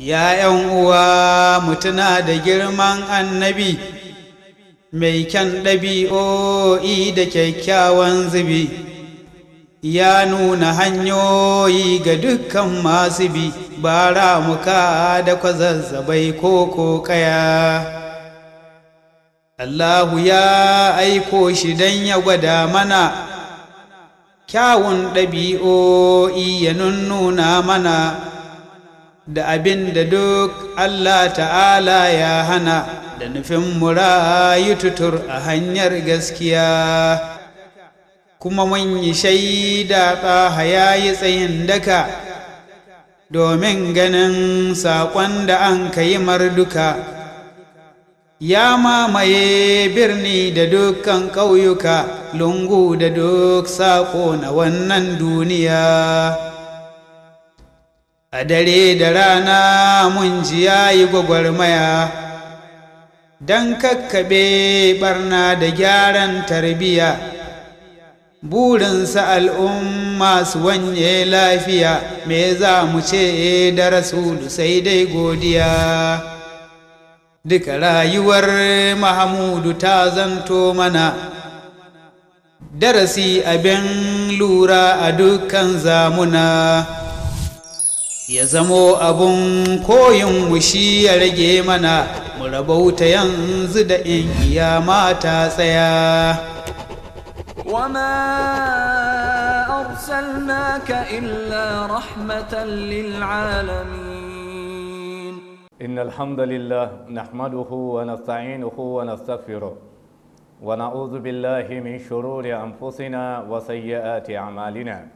ya uwa mutuna da girman annabi mai kyan ɗabi'o'i da kyakkyawan zubi ya nuna hanyoyi ga dukkan masu bi ba ramuka da kwazazzabai ko kokaya Allahu ya aiko shi don ya gwada mana kyawun ɗabi'o'i ya nunnuna mana da abin da duk Allah ta'ala ya hana da nufin yi tutur a hanyar gaskiya kuma mun yi shaida ɗaha ya yi tsayin daka domin ganin saƙon da an ka yi marduka ya mamaye birni da dukkan ƙauyuka lungu da duk saƙo na wannan duniya a dare da rana mun ji ya yi gwagwarmaya don kakkaɓe barna da gyaran tarbiya. burinsa al'umma su wanye lafiya me za mu ce da rasulu sai dai godiya duka rayuwar mahamudu ta zanto mana darasi abin lura a dukkan zamuna ya zamo abun koyin mushi ya rage mana mu rabauta yanzu da in kiyama ta tsaya وما أرسلناك إلا رحمة للعالمين إن الحمد لله نحمده ونستعينه ونستغفره ونعوذ بالله من شرور أنفسنا وسيئات أعمالنا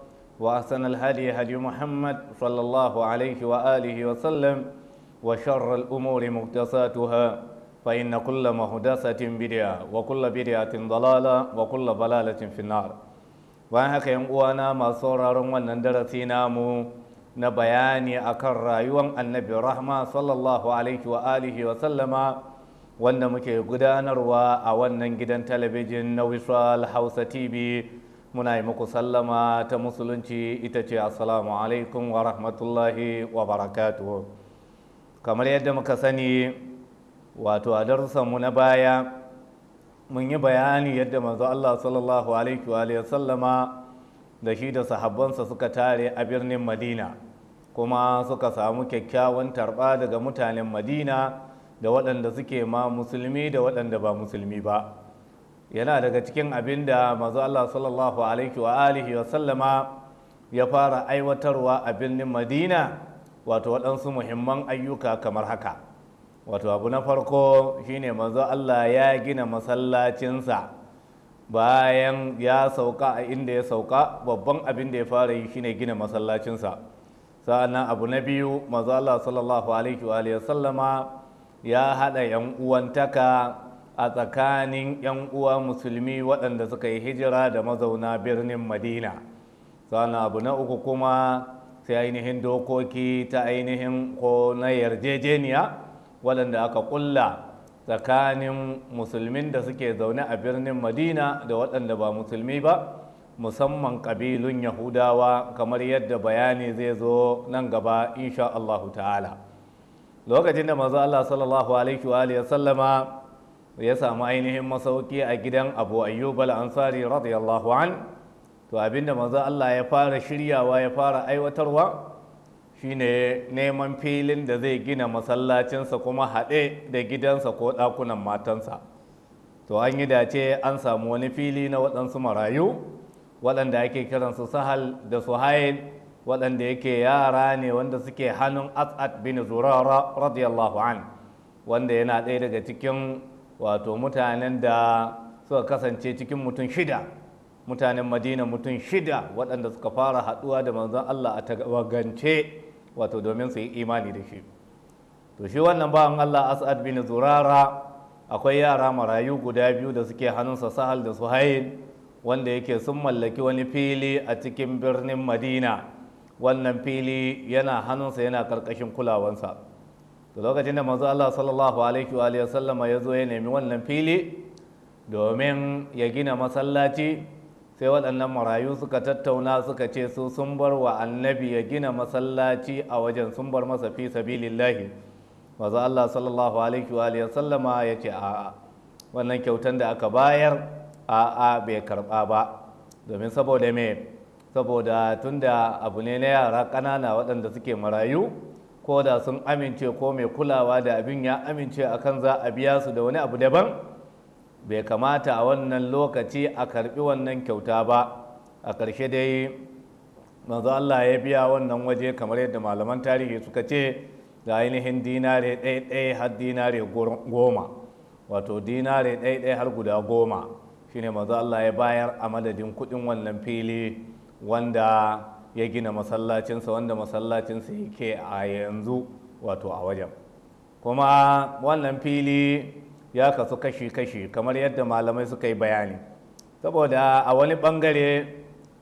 وأحسن الهدي هدي محمد صلى الله عليه وآله وسلم وشر الأمور مقدساتها فإن كل مهدسة بدعة وكل بدعة ضلالة وكل ضلالة في النار bayan haka yan masu sauraron wannan darasi namu na bayani akan rayuwar annabi rahma sallallahu alaihi wa wa sallama wanda muke gudanarwa a wannan gidan talabijin na wisal hausa tv muna yi muku sallama ta musulunci ita ce assalamu alaikum wa rahmatullahi wa barakatuhu kamar yadda muka sani wato a mu na baya mun yi bayani yadda manzo Allah sallallahu alaihi wa sallama da shi da sahabbansa suka tare a birnin madina kuma suka samu kyakkyawan tarba daga mutanen madina da waɗanda suke ma musulmi da waɗanda ba musulmi ba yana daga cikin abin da mazu Allah sallallahu alaihi wa alihi wa sallama ya fara aiwatarwa a birnin madina wato waɗansu muhimman ayyuka kamar haka wato abu na farko shine mazu Allah ya gina masallacinsa bayan ya sauka a inda ya sauka babban abin da ya fara yi shine gina masallacinsa sa'annan abu na biyu mazu Allah sallallahu alaihi wa alihi wa sallama ya haɗa 'yan uwantaka a tsakanin 'yan uwa musulmi waɗanda suka yi hijira da mazauna birnin madina sana abu na uku kuma sai ainihin dokoki ta ainihin ko na yarjejeniya waɗanda aka ƙulla tsakanin musulmin da suke zaune a birnin madina da waɗanda ba musulmi ba musamman ƙabilun yahudawa kamar yadda bayani zai zo nan gaba insha Allah ta'ala lokacin da mazu Allah sallallahu alaihi wa sallama ya samu ainihin masauki a gidan abu ayyub ansari radiyallahu an to abinda manzo Allah ya fara shiryawa ya fara aiwatarwa shine neman filin da zai gina masallacinsa kuma haɗe da gidansa ko ɗakunan matansa to an yi dace an samu wani fili na waɗansu marayu waɗanda ake kiransu sahal da suhail waɗanda yake yara ne wanda suke hannun as'ad bin zurara radiyallahu an wanda yana ɗaya daga cikin wato mutanen da suka kasance cikin mutum shida mutanen madina mutum shida waɗanda suka fara haɗuwa da manzon Allah a tagagance wato domin su yi imani da shi to shi wannan bawan Allah As'ad bin Zurara akwai yara marayu guda biyu da suke hannunsa Sahal da Suhail wanda yake sun mallaki wani fili a cikin birnin Madina wannan fili yana hannunsa yana karkashin kulawansa da lokacin da manzo Allah sallallahu alaihi wa sallama ya zo ya nemi wannan fili domin ya gina masallaci sai waɗannan marayu suka tattauna suka ce su sun bar wa annabi ya gina masallaci a wajen sun bar masa fi sabilillahi manzo Allah sallallahu alaihi wa sallama ya ce a'a wannan kyautan da aka bayar a bai karɓa ba domin saboda me saboda tunda abu ne na yara ƙanana waɗanda suke marayu ko da sun amince ko mai kulawa da abin ya amince a kan za a biya su da wani abu daban bai kamata a wannan lokaci a karbi wannan kyauta ba a ƙarshe dai manzo Allah ya biya wannan waje kamar yadda malaman tarihi suka ce da ainihin dinare ɗaya har dinare goma wato dinare ɗaya har guda goma shine manzo Allah ya bayar a madadin kuɗin wannan fili wanda ya gina masallacinsa wanda masallacinsa yake a yanzu wato a wajen kuma wannan fili ya kasu kashi-kashi kamar yadda malamai suka yi bayani saboda a wani bangare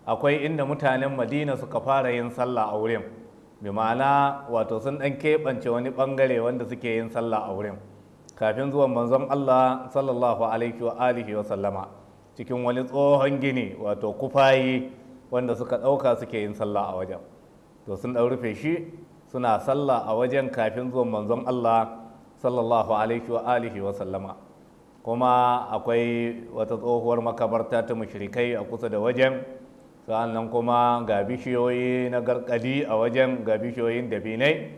akwai inda mutanen madina suka fara yin sallah a wurin bi ma'ana wato sun ɗan keɓance wani bangare wanda suke yin sallah a wurin kafin zuwan manzon allah sallallahu alaihi wa alihi wa sallama cikin wani tsohon gini wato kufayi wanda suka ɗauka suke yin sallah a wajen to sun ɗau rufe shi suna sallah a wajen kafin zuwan manzon Allah sallallahu alaihi wa alihi wa sallama kuma akwai wata tsohuwar makabarta ta mushrikai a kusa da wajen nan kuma ga bishiyoyi na garkadi a wajen ga bishiyoyin da dabinai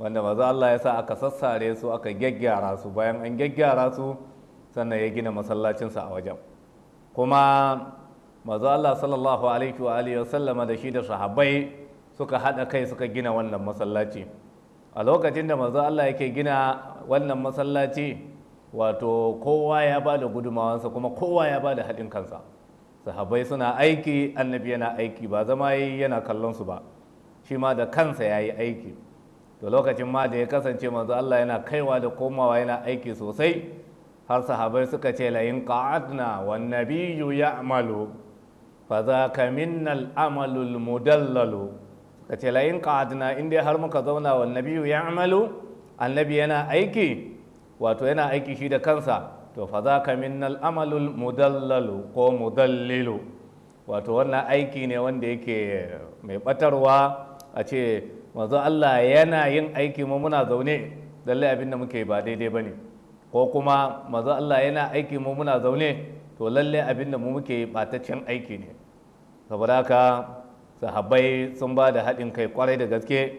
wanda maza Allah ya sa aka sassare su aka gyaggyara su bayan an gyaggyara su sannan ya gina masallacinsa a wajen kuma mazu Allah sallallahu alaihi wa alihi wasallama da shi da sahabai suka haɗa kai suka gina wannan masallaci a lokacin da mazu Allah yake gina wannan masallaci wato kowa ya ba da gudumawansa kuma kowa ya ba da haɗin kansa sahabai suna aiki annabi yana aiki ba zama yi yana kallon su ba shi ma da kansa ya yi aiki to lokacin ma da ya kasance mazu Allah yana kaiwa da komawa yana aiki sosai har sahabai suka ce layin in wa wan ya fa minnal amalul mudallalu ka ce layin qa'adna in dai har muka zauna wa nabiyu ya amalu annabi yana aiki wato yana aiki shi da kansa to fa ka minnal amalul mudallalu ko mudallilu wato wannan aiki ne wanda yake mai batarwa a ce mazu Allah yana yin aiki mu muna zaune lalle abin da muke ba daidai ba ne ko kuma mazu Allah yana aiki mu muna zaune to lalle abin da mu muke bataccen aiki ne saboda haka sahabbai sun ba da haɗin kai kwarai da gaske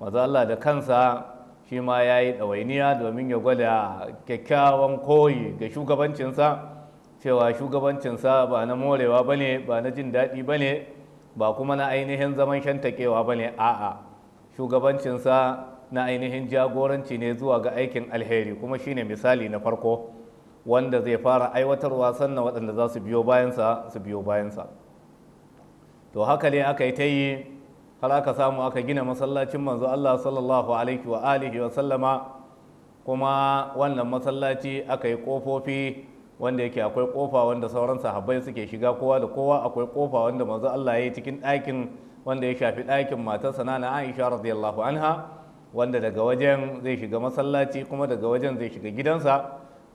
maza Allah da kansa shi ma ya yi ɗawainiya domin ya gwada kyakkyawan koyi ga shugabancinsa cewa shugabancinsa ba na morewa ba ne ba na jin daɗi ba ne ba kuma na ainihin zaman shantakewa ba ne a'a shugabancinsa na ainihin jagoranci ne zuwa ga aikin alheri kuma shine misali na farko wanda zai fara aiwatarwa sannan waɗanda za su biyo bayansa su biyo bayansa to haka ne aka yi ta yi har aka samu aka gina masallacin manzo Allah sallallahu alaihi wa alihi wa sallama kuma wannan masallaci aka yi kofofi wanda yake akwai kofa wanda sauran sahabbai suke shiga kowa da kowa akwai kofa wanda manzo Allah ya yi cikin ɗakin wanda ya shafi ɗakin matarsa na Aisha radiyallahu anha wanda daga wajen zai shiga masallaci kuma daga wajen zai shiga gidansa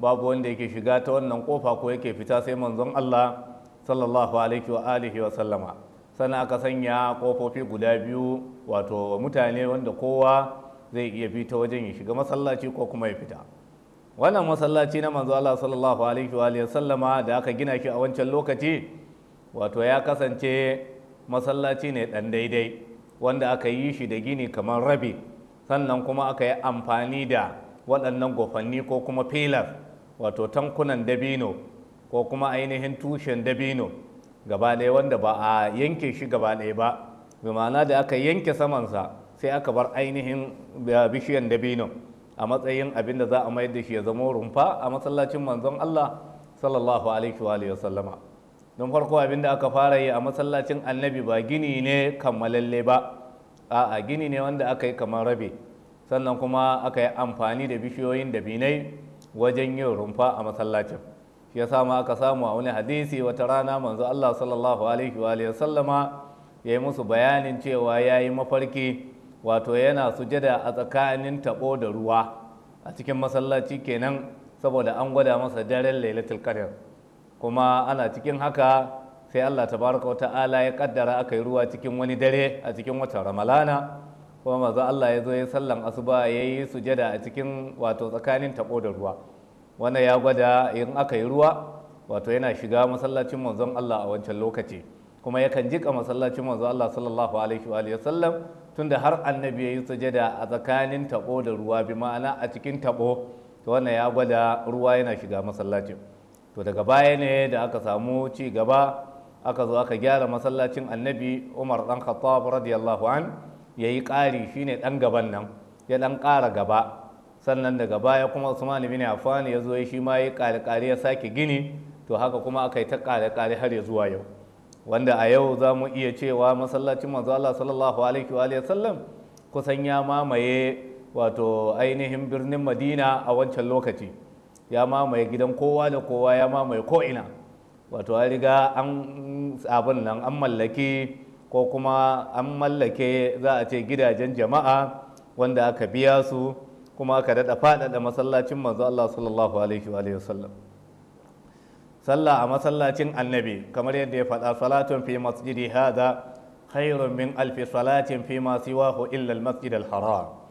babu wanda yake shiga ta wannan kofa ko yake fita sai manzon Allah sallallahu alaihi wa alihi wa sallama sannan aka sanya kofofi guda biyu wato mutane wanda kowa zai iya fita wajen ya shiga masallaci ko kuma ya fita wannan masallaci na manzo Allah sallallahu alaihi wa sallama da aka gina shi a wancan lokaci wato ya kasance masallaci ne dan daidai wanda aka yi shi da gini kamar rabi sannan kuma aka yi amfani da waɗannan gofanni ko kuma filar wato tankunan dabino ko kuma ainihin tushen dabino gaba ɗaya wanda ba a yanke shi gaba ɗaya ba bi ma'ana da aka yanke samansa sai aka bar ainihin bishiyan dabino a matsayin abin da za a mayar da shi ya zama rumfa a masallacin manzon Allah sallallahu alaihi wa alihi don farko abin da aka fara yi a masallacin annabi ba gini ne kammalalle ba a'a gini ne wanda aka yi kamar rabe sannan kuma aka yi amfani da bishiyoyin dabinai wajen yin rumfa a masallacin ya yasa aka samu a wani hadisi wata rana manzo Allah sallallahu alaihi wa sallama ya yi musu bayanin cewa ya yi mafarki wato yana sujada a tsakanin tabo da ruwa a cikin masallaci kenan saboda an gwada masa daren lailatul qadr kuma ana cikin haka sai Allah tabaraka ta'ala ya kaddara aka yi ruwa cikin wani dare a cikin watan ramalana kuma manzo Allah ya zo ya sallan asuba ya yi sujada a cikin wato tsakanin tabo da ruwa wannan ya gwada in aka yi ruwa wato yana shiga masallacin manzon Allah a wancan lokaci kuma yakan jika masallacin manzon Allah sallallahu alaihi wa sallam tunda har annabi ya sujada a tsakanin tabo da ruwa bi ma'ana a cikin tabo to wannan ya gwada ruwa yana shiga masallacin to daga baya ne da aka samu ci gaba aka zo aka gyara masallacin annabi Umar dan Khattab radiyallahu an yayi ƙari shine dan gaban nan ya dan ƙara gaba sannan daga baya kuma usman ibn affan ya zo shi ma ya kare ya sake gini to haka kuma aka yi ta kare har ya zuwa yau wanda a yau za mu iya cewa masallacin manzo Allah sallallahu alaihi wa sallam kusan ya mamaye wato ainihin birnin madina a wancan lokaci ya mamaye gidan kowa da kowa ya mamaye ko ina wato an riga an abin nan an mallaki ko kuma an mallake za a ce gidajen jama'a wanda aka biya su kuma aka daɗa faɗaɗa masallacin manzo Allah sallallahu alaihi wa sallam sallah a masallacin annabi kamar yadda ya faɗa salatun fi masjidi hada khairun min alfi salatin fi ma siwahu illa al-masjid haram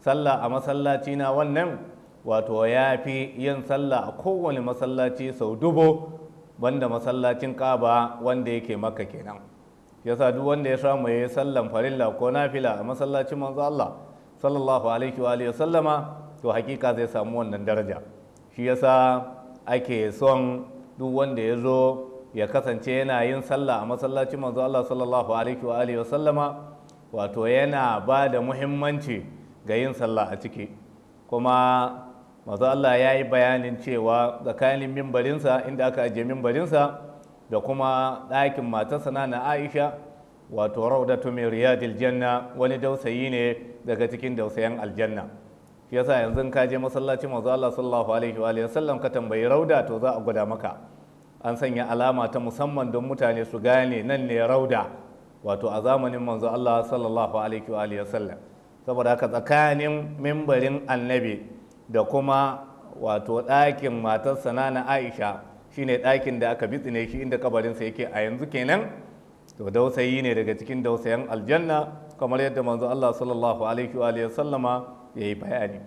sallah a masallaci na wannan wato ya fi yin sallah a kowane masallaci sau dubu banda masallacin kaba wanda yake maka kenan yasa duk wanda ya samu ya yi sallan farilla ko nafila a masallacin manzo Allah sallallahu alaihi wa sallama to hakika zai samu wannan daraja shi yasa ake son duk wanda ya zo ya kasance yana yin sallah a masallacin manzo Allah sallallahu alaihi wa sallama wato yana ba da muhimmanci ga yin sallah a ciki kuma manzo Allah ya yi bayanin cewa tsakanin mimbarinsa inda aka ajiye mimbarinsa da kuma ɗakin matarsa na Aisha wato raudatu min riyadil janna wani dausayi ne daga cikin dausayan aljanna shi yasa yanzu ka je masallaci manzo Allah sallallahu alaihi wa sallam ka tambayi rauda to za a gwada maka an sanya alama ta musamman don mutane su gane nan ne rauda wato a zamanin manzo Allah sallallahu alaihi wa sallam saboda haka tsakanin mimbarin annabi da kuma wato ɗakin matarsa na Aisha shine ɗakin da aka bitsine shi inda kabarinsa yake a yanzu kenan to dausayi ne daga cikin dausayan aljanna kamar yadda manzo Allah sallallahu alaihi wa alihi sallama ya yi bayani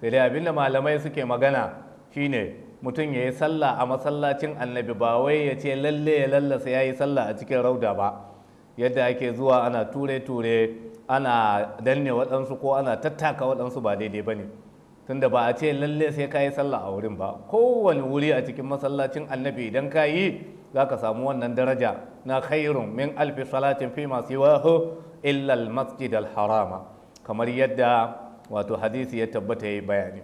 sai dai abinda malamai suke magana shine mutum yayi sallah a masallacin annabi ba wai ya ce lalle ya lallasa yayi sallah a cikin rauda ba yadda ake zuwa ana ture ture ana danne waɗansu ko ana tattaka waɗansu ba daidai ba ne tunda ba a ce lalle sai ka yi sallah a wurin ba kowane wuri a cikin masallacin annabi idan ka yi za ka samu wannan daraja na khairun min alfi salatin fi masu illal masjid al-harama kamar yadda wato hadisi ya tabbata ya bayani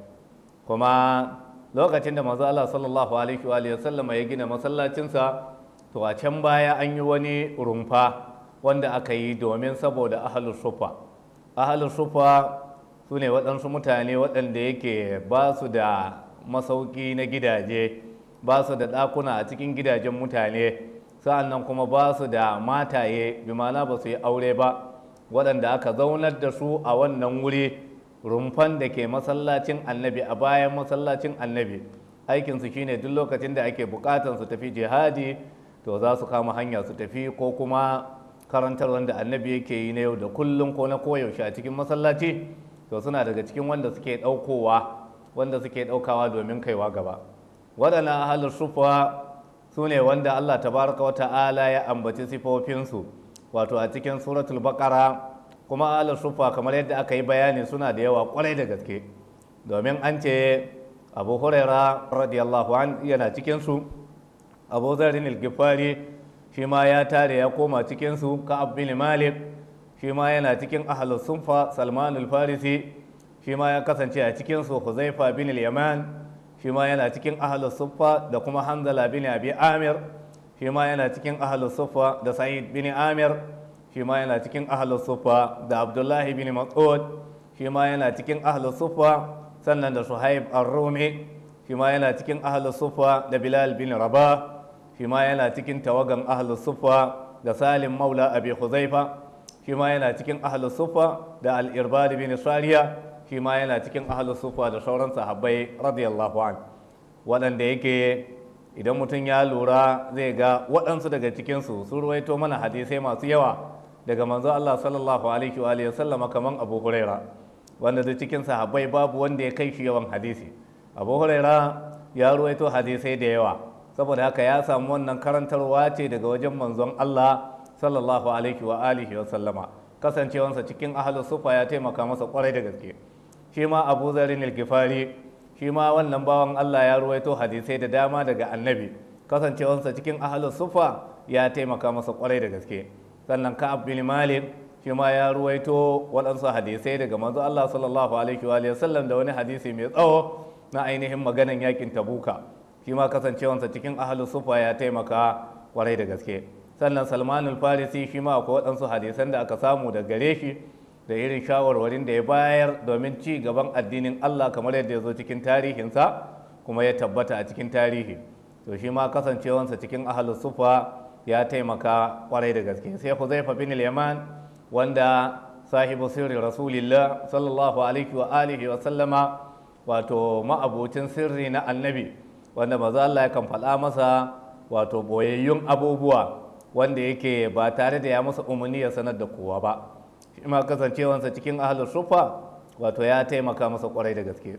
kuma lokacin da manzo Allah sallallahu alaihi wa sallama ya gina masallacinsa to a can baya an yi wani rumfa wanda aka yi domin saboda ahalus sufa ahalus sufa su ne waɗansu mutane waɗanda yake ba su da masauki na gidaje ba su da ɗakuna a cikin gidajen mutane sa'annan kuma ba su da mataye bi ma'ana ba su yi aure ba waɗanda aka zaunar da su a wannan wuri rumfan da ke masallacin annabi a bayan masallacin annabi aikinsu shine duk lokacin da ake bukatan su tafi jihadi to za su kama hanya su tafi ko kuma karantar wanda annabi yake yi na yau da kullum ko na koyaushe a cikin masallaci to suna daga cikin wanda suke ɗaukowa wanda suke ɗaukawa domin kaiwa gaba waɗannan ahalin sufa su ne wanda Allah tabaraka wa ta'ala ya ambaci sifofinsu wato a cikin suratul bakara kuma ahalin sufa kamar yadda aka yi bayani suna da yawa kwarai da gaske domin an ce abu huraira radiyallahu an yana cikinsu abu zarin ilgifari shi ma ya tare ya koma cikinsu ka bin malik shi ma yana cikin ahalin sufa salman farisi shi ma ya kasance a cikinsu huzaifa bin yaman shi ma yana cikin ahlus suffa da kuma hanzala bin abi amir shi ma yana cikin ahlus suffa da sa'id bin amir shi ma yana cikin ahlus suffa da abdullahi bin mas'ud shi ma yana cikin ahlus suffa sannan da suhaib ar-rumi shi ma yana cikin ahlus suffa da bilal bin rabah shi ma yana cikin tawagan ahlus suffa da salim maula abi huzaifa shi ma yana cikin ahlus suffa da al-irbad bin sariya shi ma yana cikin ahalus sufa da sauran sahabbai radiyallahu an waɗanda yake idan mutum ya lura zai ga waɗansu daga cikinsu su ruwaito mana hadisai masu yawa daga manzo Allah sallallahu alaihi wa sallama kaman Abu Huraira wanda da cikin sahabbai babu wanda ya kai shi yawan hadisi Abu Huraira ya ruwaito hadisai da yawa saboda haka ya samu wannan karantarwa ce daga wajen manzon Allah sallallahu alaihi wa alihi wa sallama kasancewansa cikin ahlus sufa ya taimaka masa kwarai da gaske shi ma abu zarin alkifari shi ma wannan bawan allah ya ruwaito hadisai da dama daga annabi kasancewansa cikin ahalus sufa ya taimaka masa kwarai da gaske sannan ka'ab bin malik shi ma ya ruwaito waɗansu hadisai daga manzo allah sallallahu alaihi wa sallam da wani hadisi mai tsawo na ainihin maganan yakin tabuka shi ma kasancewansa cikin ahalus sufa ya taimaka kwarai da gaske sannan salmanul farisi shi ma akwai waɗansu hadisan da aka samu da gare shi da irin shawarwarin da ya bayar domin ci gaban addinin Allah kamar yadda ya zo cikin tarihinsa kuma ya tabbata a cikin tarihi to shi ma kasancewansa cikin ahalus sufa ya taimaka kwarai da gaske sai Huzaifa bin Yaman wanda sahibu sirri rasulillah sallallahu alaihi wa alihi wa sallama wato ma'abocin sirri na annabi wanda maza Allah yakan faɗa masa wato boyayyun abubuwa wanda yake ba tare da ya masa umarni ya sanar da kowa ba ma kasancewansa cikin ahalar sufa wato ya taimaka masa kwarai da gaske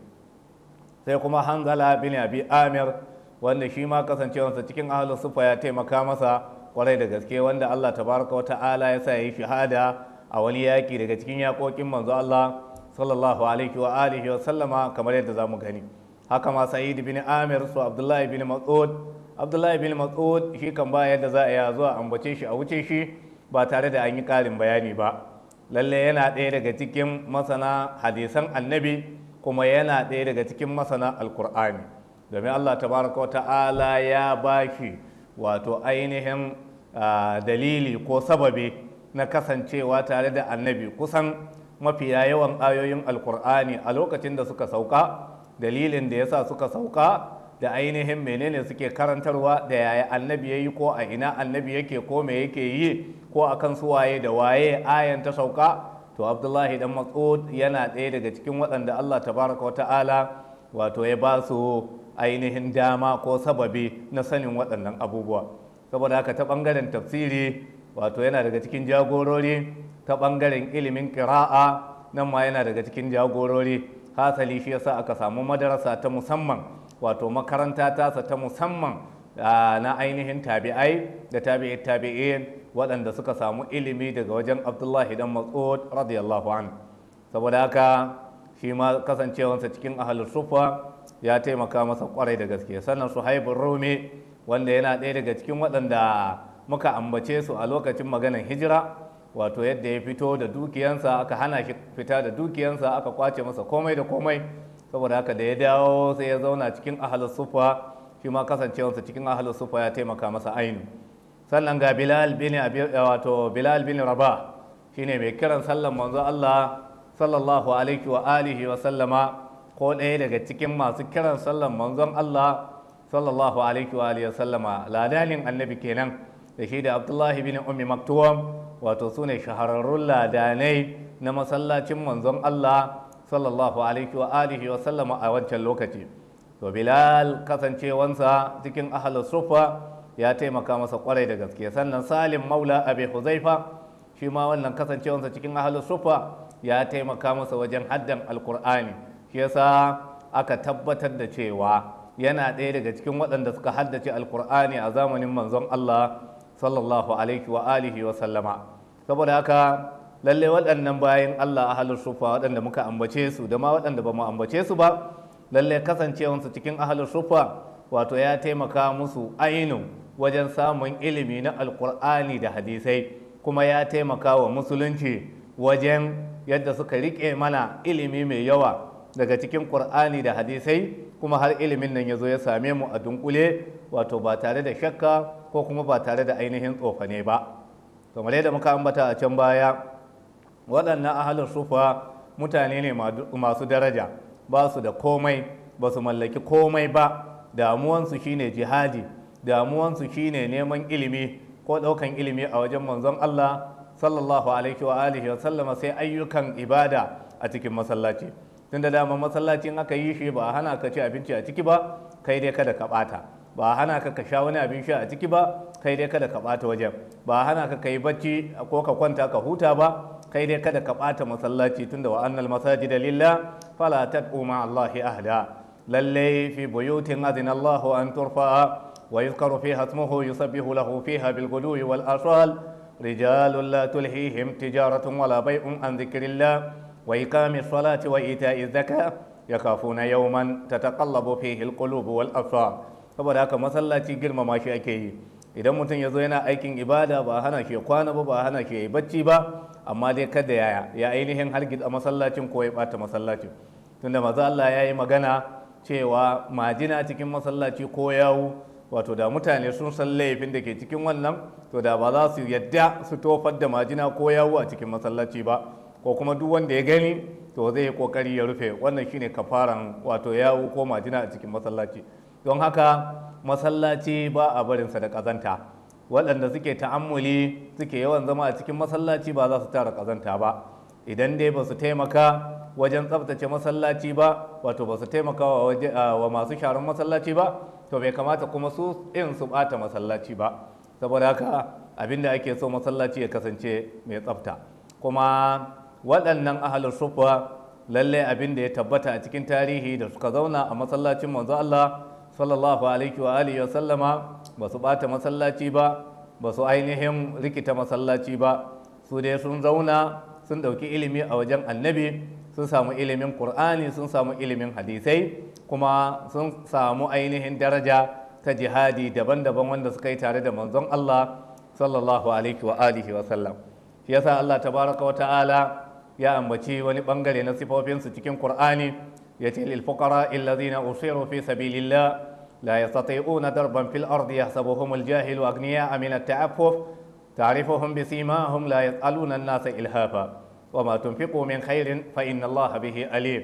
sai kuma hanzala bin abi amir wanda shi ma kasancewansa cikin ahalar sufa ya taimaka masa kwarai da gaske wanda Allah tabaraka wa ta'ala ya sa yi shahada a wani yaki daga cikin yakokin manzo Allah sallallahu alaihi wa alihi wa sallama kamar yadda zamu gani haka ma sa'id bin amir su abdullahi bin mas'ud abdullahi bin mas'ud shi kan ba yadda za a yi zuwa ambace shi a wuce shi ba tare da an yi karin bayani ba lalle yana ɗaya daga cikin masana hadisan annabi kuma yana ɗaya daga cikin masana alkur'ani domin allah tabaraka wa ta'ala ya ba shi wato ainihin dalili ko sababi na kasancewa tare da annabi kusan mafi yawan ayoyin alkur'ani a lokacin da suka sauka dalilin da yasa suka sauka da ainihin menene suke karantarwa da yaya annabi ya yi ko a ina annabi yake ko me yake yi ko a kan su waye da waye ayan ta sauka to abdullahi dan mas'ud yana ɗaya daga cikin waɗanda allah tabaraka wa ta'ala wato ya ba su ainihin dama ko sababi na sanin waɗannan abubuwa saboda haka ta ɓangaren tafsiri wato yana daga cikin jagorori ta ɓangaren ilimin kira'a, nan ma yana daga cikin jagorori hasali shi yasa aka samu madarasa ta musamman wato makaranta tasa ta musamman ah, na ainihin tabi'ai da tabi'i tabi'in waɗanda suka samu ilimi daga wajen abdullahi dan mas'ud radiyallahu an saboda haka shi ma kasancewansa cikin ahalul sufa ya taimaka masa kwarai da gaske sannan haifin rumi wanda yana ɗaya daga cikin waɗanda muka ambace su a lokacin maganar hijira wato yadda ya fito da dukiyansa aka hana shi fita da dukiyansa aka kwace masa komai da komai saboda haka da ya dawo sai ya zauna cikin ahalus sufa shi ma kasancewansa cikin ahalus sufa ya taimaka masa ainu sannan ga bilal bin eh, wato bilal bin raba shine mai kiran sallan manzo Allah sallallahu alaihi wa alihi wa sallama ko ɗaya daga cikin masu kiran sallan manzon Allah sallallahu alaihi wa alihi wa sallama ladalin annabi kenan da shi da Abdullahi bin Ummi Maktuwam wato su ne shahararrun ladanai na masallacin manzon Allah sallallahu alaihi wa alihi wa sallama a wancan lokaci to Bilal kasancewansa cikin ahlus sufa ya taimaka masa kwarai da gaske sannan salim maula abi huzaifa shi ma wannan kasancewansa cikin ahalus sufa ya taimaka masa wajen haddan alkur'ani shi yasa aka tabbatar da cewa yana ɗaya daga cikin waɗanda suka haddace alkur'ani a zamanin manzon Allah sallallahu alaihi wa alihi wa sallama saboda haka lalle waɗannan bayan Allah ahalus sufa waɗanda muka ambace su da ma waɗanda ba mu ambace su ba lalle kasancewansu cikin ahalus sufa wato ya taimaka musu ainu wajen samun ilimi na alkur'ani da hadisai kuma ya taimaka wa musulunci wajen yadda suka riƙe mana ilimi mai yawa daga cikin ƙur'ani da hadisai kuma har ilimin nan ya zo ya same mu a dunkule wato ba tare da shakka ko kuma ba tare da ainihin tsofane ba kamar yadda muka ambata a can baya waɗannan ahalin sufa mutane ne masu daraja ba su da komai ba su mallaki komai ba damuwansu shine jihadi damuwansu shine neman ilimi ko ɗaukan ilimi a wajen manzon Allah sallallahu alaihi wa alihi wa sallama sai ayyukan ibada a cikin masallaci tunda dama masallacin aka yi shi ba a hana ka ci abinci a ciki ba kai dai kada ka bata ba a hana ka ka sha wani abin sha a ciki ba kai dai kada ka bata wajen ba a hana ka kai bacci ko ka kwanta ka huta ba kai dai kada ka bata masallaci tunda wa annal masajida lillah fala tad'u ma Allahi ahda Lallai fi buyutin adina an turfa'a ويذكر فيها اسمه يسبح له فيها بالغدو والآصال رجال لا تلهيهم تجارة ولا بيع عن ذكر الله وإقام الصلاة وإيتاء الزكاة يخافون يوما تتقلب فيه القلوب والأبصار saboda haka masallaci girmama shi ake yi idan mutum ya zo yana aikin ibada ba hana shi kwana ba ba hana shi yayi bacci ba amma dai kada yaya ya ainihin hargitsa masallacin ko ya bata masallacin tunda maza Allah ya yi magana cewa majina cikin masallaci ko yawu wato da mutane sun san laifin da ke cikin wannan to da ba za su yadda su tofar da majina ko yawo a cikin masallaci ba ko kuma duk wanda ya gani to zai yi kokari ya rufe wannan shine kafaran wato yawo ko majina a cikin masallaci don haka masallaci ba a barinsa da kazanta waɗanda suke ta'ammuli suke yawan zama a cikin masallaci ba za su tara kazanta ba idan dai ba su taimaka wajen tsabtace masallaci ba wato ba su taimaka wa masu sharan masallaci ba to bai kamata kuma su in su bata masallaci ba saboda haka abin da ake so masallaci ya kasance mai tsafta kuma waɗannan ahalar sufa lalle abin da ya tabbata a cikin tarihi da suka zauna a masallacin manzo Allah sallallahu alaihi wa alihi wa sallama ba su bata masallaci ba ba su ainihin rikita masallaci ba su dai sun zauna sun ɗauki ilimi a wajen annabi sun samu ilimin qur'ani sun samu ilimin hadisai kuma sun samu ainihin daraja ta jihadi daban-daban wanda suka yi tare da manzon Allah sallallahu alaihi wa alihi wa sallam shi yasa Allah tabaraka wa ta'ala ya ambaci wani bangare na sifofin su cikin Qur'ani yace lil fuqara alladhina usiru fi sabilillah la yastati'una darban لا يستطيعون ضربا في الأرض يحسبهم الجاهل أغنياء من التعفف تعرفهم بسيماهم لا يسألون الناس إلهافا وما تنفقوا من خير فإن الله به أليم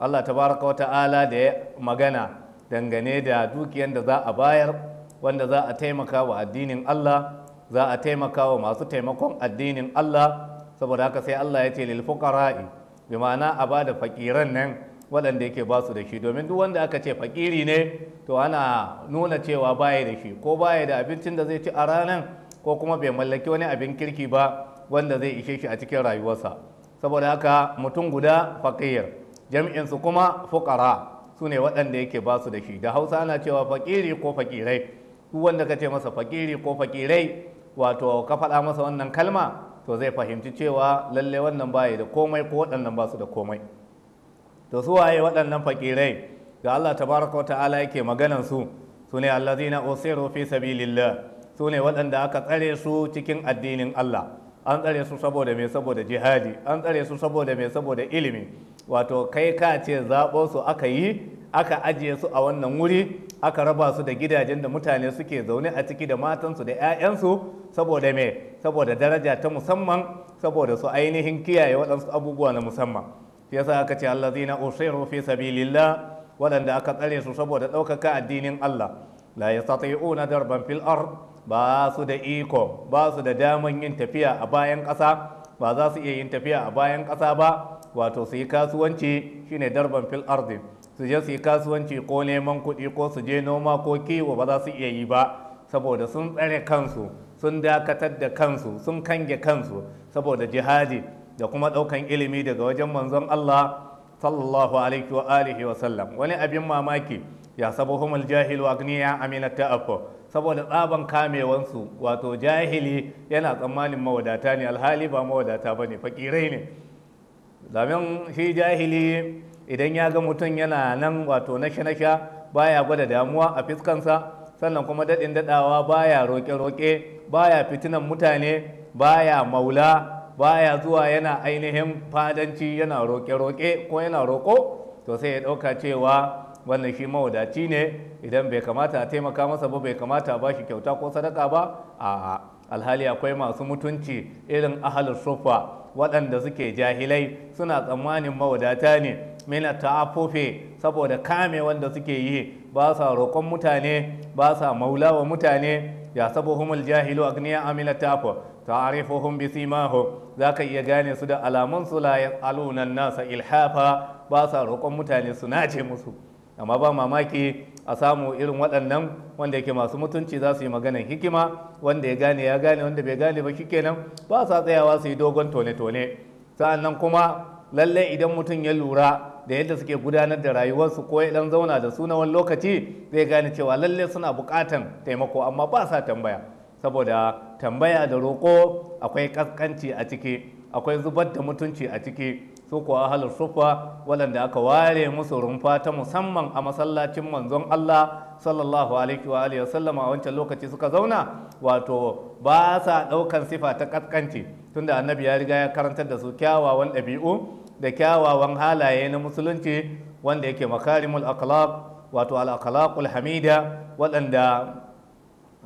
Allah tabaraka wa ta'ala da ya magana dangane da dukiyan da za a bayar wanda za a taimaka wa addinin Allah za a taimaka wa masu taimakon addinin Allah saboda haka sai Allah ya ce lil fuqara'i bi ma'ana a ba da fakiran nan waɗanda yake ba su da shi domin duk wanda aka ce fakiri ne to ana nuna cewa baya da shi ko baya da abincin da zai ci a ranar ko kuma bai mallaki wani abin kirki ba wanda zai ishe shi a cikin rayuwarsa saboda haka mutum guda fakir Jami'insu kuma fukara su ne waɗanda yake ba su da shi da Hausa ana cewa fakiri ko fakirai su wanda ka ce masa fakiri ko fakirai wato ka faɗa masa wannan kalma to zai fahimci cewa lalle wannan baya da komai ko waɗannan ba su da komai to su waye waɗannan fakirai da Allah tabaraka wa ta'ala yake maganan su su ne allazina usiru fi sabilillah su ne waɗanda aka tsare su cikin addinin Allah an tsare su saboda me saboda jihadi an tsare su saboda me saboda ilimi wato kai ka ce zaɓo su aka yi aka ajiye su a wannan wuri aka raba su da gidajen da mutane suke zaune a ciki da matansu da 'ya'yansu saboda me saboda daraja ta musamman saboda su ainihin kiyaye waɗansu abubuwa na musamman yasa aka ce Allah zina usairu fi sabilillah waɗanda aka tsare su saboda ɗaukaka addinin Allah la yastati'una darban fil ard ba su da iko ba su da daman yin tafiya a bayan ƙasa ba za su iya yin tafiya a bayan ƙasa ba wato su yi kasuwanci shine darban fil su je su yi kasuwanci ko neman kuɗi ko su je noma ko kiwo ba za su iya yi ba saboda sun tsare kansu sun dakatar da kansu sun kange kansu saboda jihadi da kuma ɗaukan ilimi daga wajen manzon Allah sallallahu alaihi wa alihi wa sallam wani abin mamaki ya sabahum aljahil wa agniya amina saboda tsaban kamewansu wato jahili yana tsammanin mawadata ne alhali ba mawadata bane fakirai ne domin shi jahili idan ya ga mutum yana nan wato nasha-nasha baya gwada damuwa a fiskansa sannan kuma daɗin daɗawa baya roƙe-roƙe baya fitinan mutane baya maula baya zuwa yana ainihin fadanci yana roƙe-roƙe ko yana roƙo to sai ya ɗauka cewa wannan shi mawadaci ne idan bai kamata a taimaka masa ba bai kamata ba shi kyauta ko sadaka ba a alhali akwai masu mutunci irin ahalin sufa waɗanda suke jahilai suna tsammanin mawadata ne mina ta'affufe saboda kame wanda suke yi ba sa roƙon mutane ba sa maula wa mutane ya humul jahilu agniya amila ta'affu ta'arifuhum Za zaka iya gane su da alamun su la alunan nasa ilhafa ba sa roƙon mutane su nace musu amma ba mamaki a samu irin waɗannan wanda yake masu mutunci za su yi maganar hikima wanda ya gane ya gane wanda bai gane ba shikenan ba sa tsayawa su yi dogon tone-tone sa'annan kuma lallai idan mutum ya lura da yadda suke gudanar da rayuwarsu ko ya dan zauna da su na wani lokaci zai gane cewa lallai suna buƙatan taimako amma ba sa tambaya saboda tambaya da roƙo akwai ƙasƙanci a ciki akwai zubar da mutunci a ciki Suku kuwa ahalar sufa waɗanda aka ware musu rumfa ta musamman a masallacin manzon Allah sallallahu alaihi wa alihi wasallam a wancan lokaci suka zauna wato ba sa ɗaukan sifa ta ƙasƙanci. tunda annabi ya riga ya karantar da su kyawawan ɗabi'u da kyawawan halaye na musulunci wanda yake makarimul akhlaq wato al akhlaqul hamida waɗanda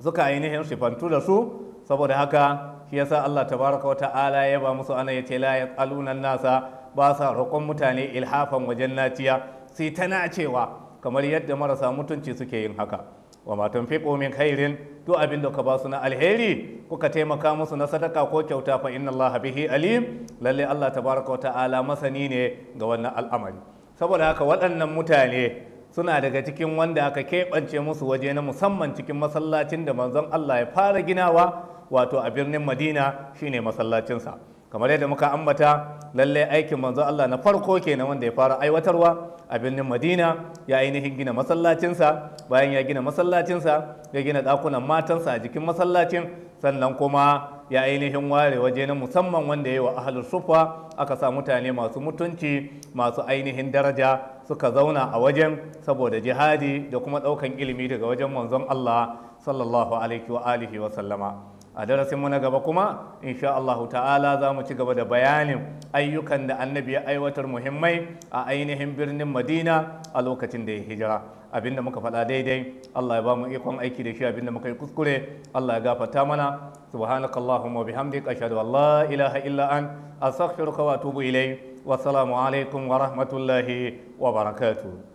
suka ainihin sifantu da su saboda haka shi yasa Allah tabaraka wa ta'ala ya ba musu ana yace la yasaluna nasa ba sa roƙon mutane ilhafan wajen naciya sai ta nacewa kamar yadda marasa mutunci suke yin haka wa matan fi min khairin duk abin da ka ba su na alheri kuka taimaka musu na sadaka ko kyauta fa inna Allah bihi alim lalle Allah tabaraka wa ta'ala masani ne ga wannan al'amari saboda haka waɗannan mutane suna daga cikin wanda aka keɓance musu waje na musamman cikin masallacin da manzon Allah ya fara ginawa wato a birnin Madina shine masallacinsa kamar yadda muka ambata lalle aikin manzo Allah na farko kenan wanda ya fara aiwatarwa a birnin Madina ya ainihin gina masallacinsa bayan ya gina masallacinsa ya gina ɗakunan matansa a jikin masallacin sannan kuma ya ainihin ware waje na musamman wanda ya yi wa ahalul sufa aka sa mutane masu mutunci masu ainihin daraja suka zauna a wajen saboda jihadi da kuma ɗaukan ilimi daga wajen manzon Allah sallallahu alaihi wa alihi wa sallama a darasinmu na gaba kuma insha Allah ta'ala za mu ci gaba da bayanin ayyukan da annabi ya aiwatar muhimmai a ainihin birnin madina a lokacin da ya hijira abinda muka faɗa daidai Allah ya ba mu ikon aiki da shi abinda muka yi kuskure Allah ya gafarta mana subhanaka allahumma bihamdika ashhadu an la ilaha illa an astaghfiruka wa atubu ilayk wa assalamu alaikum wa rahmatullahi wa barakatuh